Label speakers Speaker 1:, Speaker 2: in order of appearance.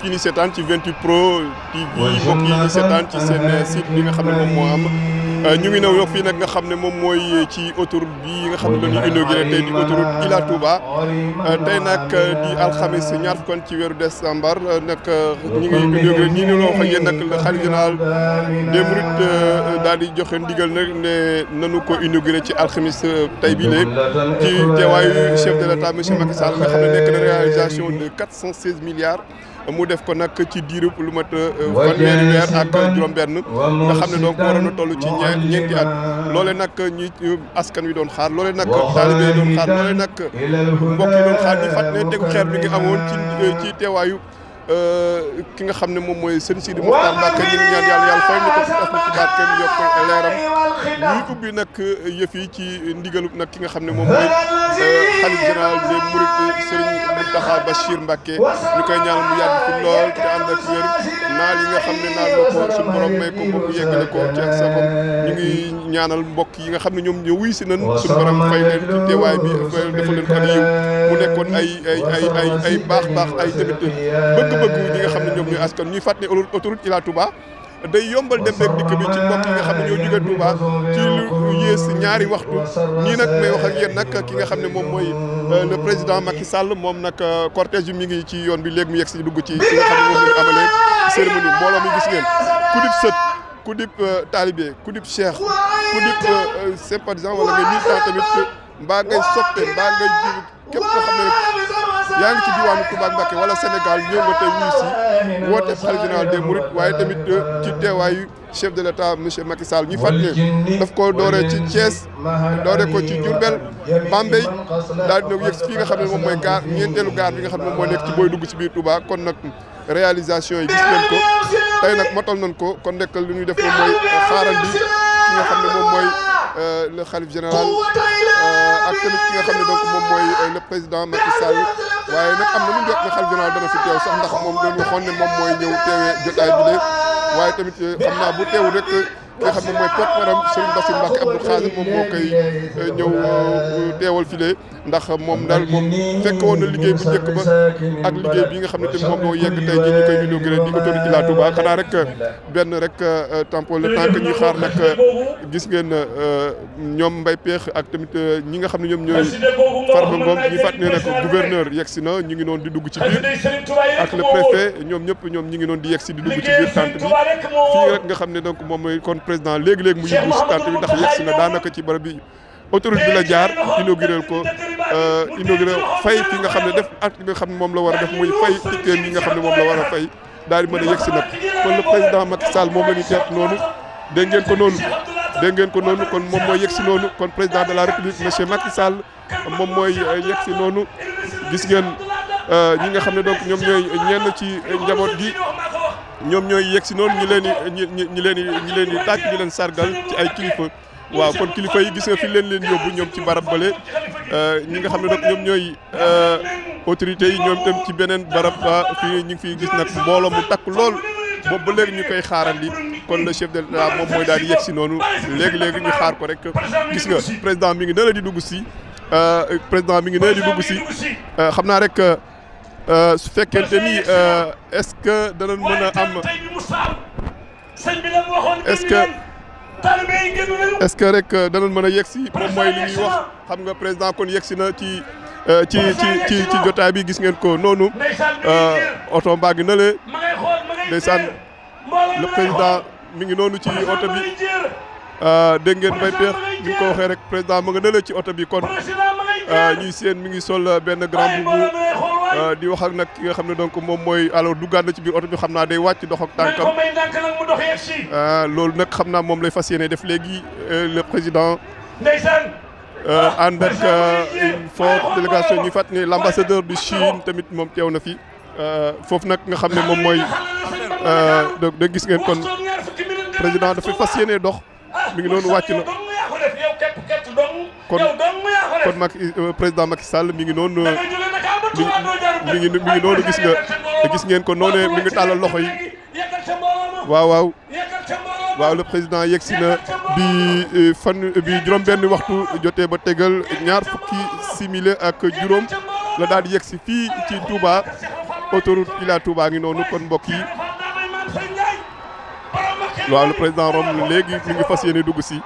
Speaker 1: ki ni seetaan ci 28 pro TV mbokk yi ni seetaan ci seen site bi nga xam ne moom moo am euh, ñu ngi new yokk fii nak nga xam ne moom mooy ci autoroute bi nga xam ne la ñu inauguré tey di autoroute Ila Touba euh, tey nag euh, di alxamis ñaar fukk ci weeru décembre nag ñi ngi inauguré ñi ngi wax ak yéen nag daal di joxe ndigal nag ne nanu ko inauguré ci alxamis tey bi léegi ci teewaayu chef de l' état monsieur Macky Sall nga xam ne nekk na réalisation de 416 mu def ko nag ci diirub lu mat euh, fanweeri weer ak juróom-benn nga xam ne donc waroon na toll ci ñe ñeenti at loole nag ñi askan wi doon xaar loole nag taalibe yi doon xaar loole nag mbokk yi doon xaar ñu fàtt tegu xeer bi nga amoon ci ci teewaayu Euh, ki nga xam ne moom mooy sëñ Sidi Mokhtar Mbacké ñu ngi ñaan yàlla yàlla fay ñu ko fi def ci barkeem yokk leeram ñuy ubbi nag euh, yëf yi ci ndigalu nag ki nga xam ne moom mooy euh, xalif général des mourides Serigne Mountakha Bachir koy ñaanal mu yàq fi lool te ànd ak wér naal yi nga xam ne naal na ko suñu borom may ko bokk yeggale ko ci ak saxam ñu ngi ñaanal mbokk yi nga xam ne ñoom ñoo wuy si nan suñu borom fay leen ci teewaay bi defal leen ak yiw mu nekkoon ay ay ay ay baax baax ay tamit bëgg-bëgg ñi nga xam ne ñoom ñooy askan ñuy fàttali autoroute Ila Touba day yombal dem beeg dikk bi ci mbokk nga xam ne ñoo jóge Touba ci lu yées ñaari waxtu ñii nag may wax ak yéen nag ki nga xam ne moom mooy euh, le président Macky sàll moom nag euh, cortège yi mi ngi ci yoon bi léegi mu yeg si dugg ci ci nga xam mbooloo mi gis ngeen ku dib sët ku dib euh, taalibe ku dib cheikh ku dib sympathisant wala ngay militant tamit mbaa ngay soppe mbaa ngay képp koo yaa ngi ci diwaanu Touba ak wala Sénégal ñëw nga tey wuyu si woote xalifa général des Mourides waaye tamit euh, ci teewaayu chef de l'État monsieur Macky Sall ñu fàttali ne daf ko dooree ci Thiès doore ko ci Diourbel Bambey daal dina yëg fii nga xam ne moom mooy gaar ñeenteelu gaar bi nga xam ne moom mooy nekk ci booy dugg si biir Touba kon nag réalisation yi gis ko tey nag motal nañ ko kon nekk li ñuy def moom mooy euh, xaaral bi ki nga xam ne moom mooy euh, le xalif général ak tamit ki nga xam ne donc moom mooy le président Macky waaye nag am na lu njot ne xalifa général dana fi teew sax ndax moom dañu waxoon ne moom mooy ñëw teewee jotaay bi de waaye tamit eh, xam naa bu teew rek ki nga xam ne mooy porte-parole Serigne Bassirou Mbacké Abdou Khadir moom moo koy euh, ñëw euh, teewal file ndax moom daal moom fekk woon na liggéey bu njëkk ba ak liggéey bi nga xam ne tamit moom moo yegg tey jii ñu koy inauguré di autorité la Touba xanaa rek euh, benn rek tempo le temps que ñuy xaar nag gis ngeen ñoom mbay peex ak tamit ñi nga xam ne ñoom ñooy Farba Ngom ñu fàttali ne nag gouverneur yegg si na ñu ngi noonu di dugg ci biir ak le préfet ñoom ñëpp ñoom ñu ngi noonu di yegg si di dugg ci biir tente bi fii nga xam ne donc moom mooy kon président léegi-léegi mu yóbbu stade bi ndax yegg daanaka ci barab bi bi la jaar inauguré ko euh, inauguré fay fi nga xam ne def at bi nga xam ne moom la war a def muy fay ticket yi nga xam ne moom a a mooy yegg euh, noonu gis ngeen euh, ñi nga xam ne donc ñoom ñooy ci njaboot gi ñoom ñooy yegg si noonu ñu leen di ñu ñu leen di ñu leen di tàcc ñu leen sargal ci ay kilifa waaw kon kilifa yi gis nga fi leen leen yóbbu ñoom ci barab bale euh, ñi nga xam ne nag ñoom ñooy euh, autorité yi ñoom tam ci beneen barab fii ñu ngi fiy gis nag mbooloo bu takk lool boobu ba léegi ñu koy xaaral xaarandi kon le chef de l'État moom mooy daal di yegg si noonu léegi léegi ñu xaar ko rek gis nga président mi ngi ne di dugg si euh, président mi ngi ne di dugg si xam naa rek. Euh, su fekkente ni euh, est-ce que danañ mën a am est-ce que est-ce que rek euh, danañ mën a yegg si moom mooy li ñuy wax xam nga président kon yegg si na ci ci ci ci ci jotaay bi gis ngeen ko noonu oto mbaa ngi na le ndeysaan le président mi ngi noonu ci oto bi dégg ngeen mbay peex ni ko rek président ma nga na ci oto bi kon ñuy seen mi ngi sol benn grand boubou Euh, di wax nag ki nga xam ne donc moom mooy alors duggaat na ci biir oto bi xam naa day wàcc dox ak tànkam euh, loolu nag xam naa moom lay fas yéene def léegi euh, le président ndeysaan ànd ak une forte délégation ñu fàttali ne l' ambassadeur Chine tamit moom teew na fi foofu nag nga xam ne moom mooy da gis ngeen kon président dafay fas dox mi ngi noonu wàcc na ah, kon kon Macky président Macky Sall mi ngi noonu. mi mi ngi noonu gis nga gis ngeen ko noonee mi ngi tàllal loxo yi waaw waaw waaw président yegg si na bi euh, fan bi juróom benn waxtu jotee ba tegal ñaar fukki simile ak juróom la daal di yegg si fii ci Touba autoroute Ila Touba ngi noonu kon mbokk yi waaw le président Rom léegi mi ngi fas yéene dugg si